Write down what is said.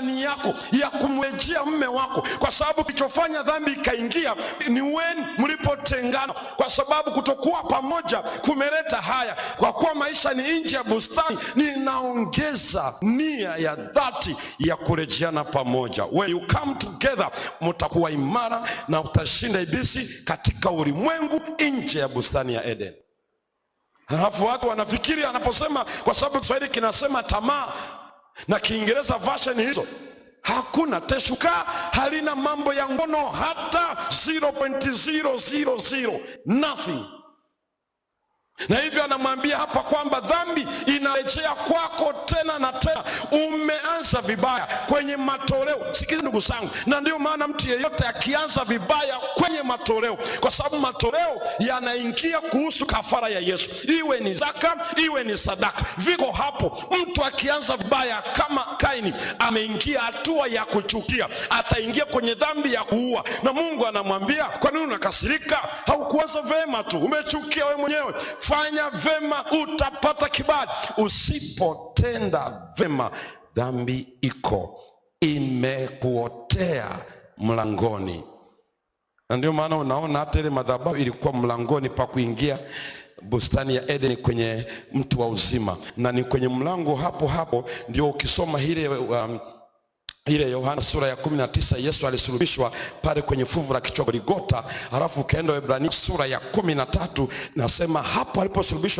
ndani yako ya kumrejea mme wako, kwa sababu kilichofanya dhambi ikaingia ni weni mlipotengana, kwa sababu kutokuwa pamoja kumeleta haya. Kwa kuwa maisha ni nje ya bustani, ninaongeza nia ya dhati ya kurejeana pamoja. When you come together, mtakuwa imara na utashinda Ibisi katika ulimwengu nje ya bustani ya Eden. Halafu watu wanafikiri anaposema, kwa sababu Kiswahili kinasema tamaa na Kiingereza version hizo hakuna teshuka, halina mambo ya ngono hata 0.000 nothing. Na hivyo anamwambia hapa kwamba dhambi umeanza vibaya kwenye matoleo. Sikiza ndugu zangu, na ndio maana mtu yeyote akianza vibaya kwenye matoleo, kwa sababu matoleo yanaingia kuhusu kafara ya Yesu, iwe ni zaka, iwe ni sadaka, viko hapo. Mtu akianza vibaya kama Kaini, ameingia hatua ya kuchukia, ataingia kwenye dhambi ya kuua, na Mungu anamwambia kwa nini unakasirika? Haukuanza vema tu, umechukia wewe mwenyewe. Fanya vema, utapata kibali usipo kutenda vema, dhambi iko imekuotea mlangoni. Na ndio maana unaona hata ile madhabahu ilikuwa mlangoni pa kuingia bustani ya Edeni kwenye mtu wa uzima, na ni kwenye mlango hapo hapo ndio ukisoma ile um, ile Yohana sura ya kumi na tisa Yesu alisulubishwa pale kwenye fuvu la kichwa Goligota. Halafu ukaenda Waebrania sura ya kumi na tatu nasema hapo aliposulubishwa